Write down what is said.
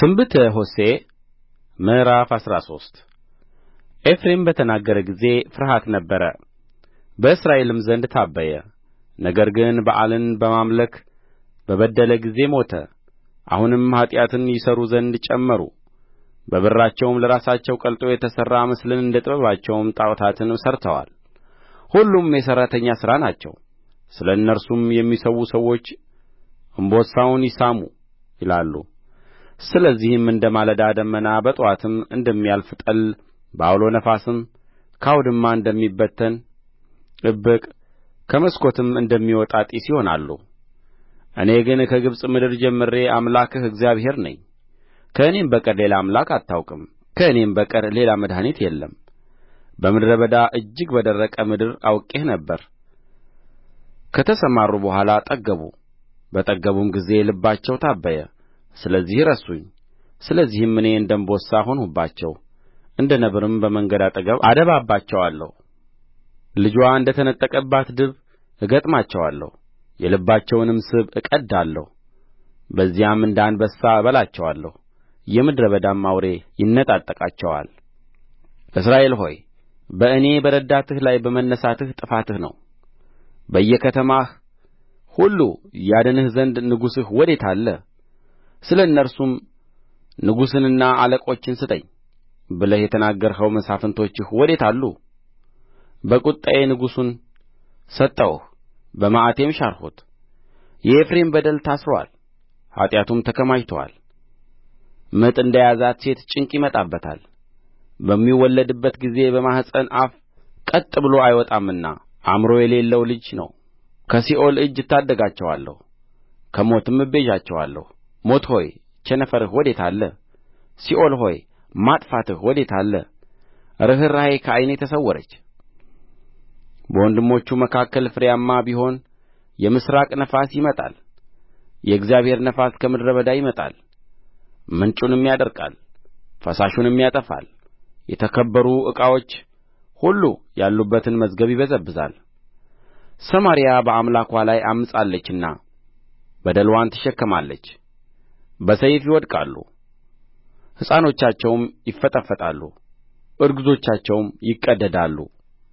ትንቢተ ሆሴዕ ምዕራፍ አስራ ሶስት ኤፍሬም በተናገረ ጊዜ ፍርሃት ነበረ በእስራኤልም ዘንድ ታበየ ነገር ግን በኣልን በማምለክ በበደለ ጊዜ ሞተ አሁንም ኃጢአትን ይሠሩ ዘንድ ጨመሩ በብራቸውም ለራሳቸው ቀልጦ የተሠራ ምስልን እንደ ጥበባቸውም ጣዖታትን ሠርተዋል ሁሉም የሠራተኛ ሥራ ናቸው ስለ እነርሱም የሚሠዉ ሰዎች እምቦሳውን ይሳሙ ይላሉ ስለዚህም እንደ ማለዳ ደመና በጥዋትም እንደሚያልፍ ጠል በዐውሎ ነፋስም ከአውድማ እንደሚበተን እብቅ ከመስኮትም እንደሚወጣ ጢስ ይሆናሉ እኔ ግን ከግብጽ ምድር ጀምሬ አምላክህ እግዚአብሔር ነኝ ከእኔም በቀር ሌላ አምላክ አታውቅም ከእኔም በቀር ሌላ መድኃኒት የለም በምድረ በዳ እጅግ በደረቀ ምድር አውቄህ ነበር ከተሰማሩ በኋላ ጠገቡ በጠገቡም ጊዜ ልባቸው ታበየ ስለዚህ ረሱኝ ስለዚህም እኔ እንደ አንበሳ ሆንሁባቸው እንደ ነብርም በመንገድ አጠገብ አደባባቸዋለሁ ልጅዋ እንደ ተነጠቀባት ድብ እገጥማቸዋለሁ የልባቸውንም ስብ እቀድዳለሁ በዚያም እንደ አንበሳ እበላቸዋለሁ የምድረ በዳም አውሬ ይነጣጠቃቸዋል እስራኤል ሆይ በእኔ በረዳትህ ላይ በመነሣትህ ጥፋትህ ነው በየከተማህ ሁሉ ያድንህ ዘንድ ንጉሥህ ወዴት አለ ስለ እነርሱም ንጉሥንና አለቆችን ስጠኝ ብለህ የተናገርኸው መሳፍንቶችህ ወዴት አሉ በቍጣዬ ንጉሡን ሰጠሁህ በመዓቴም ሻርሁት የኤፍሬም በደል ታስሮአል ኃጢአቱም ተከማችቶአል ምጥ እንደ ያዛት ሴት ጭንቅ ይመጣበታል በሚወለድበት ጊዜ በማኅፀን አፍ ቀጥ ብሎ አይወጣምና አእምሮ የሌለው ልጅ ነው ከሲኦል እጅ እታደጋቸዋለሁ ከሞትም እቤዣቸዋለሁ ሞት ሆይ ቸነፈርህ ወዴት አለ ሲኦል ሆይ ማጥፋትህ ወዴት አለ ርኅራኄ ከዓይኔ ተሰወረች በወንድሞቹ መካከል ፍሬያማ ቢሆን የምሥራቅ ነፋስ ይመጣል የእግዚአብሔር ነፋስ ከምድረ በዳ ይመጣል ምንጩንም ያደርቃል ፈሳሹንም ያጠፋል የተከበሩ ዕቃዎች ሁሉ ያሉበትን መዝገብ ይበዘብዛል ሰማርያ በአምላክዋ ላይ ዐምፃለችና በደልዋን ትሸከማለች በሰይፍ ይወድቃሉ ሕፃኖቻቸውም ይፈጠፈጣሉ እርጉዞቻቸውም ይቀደዳሉ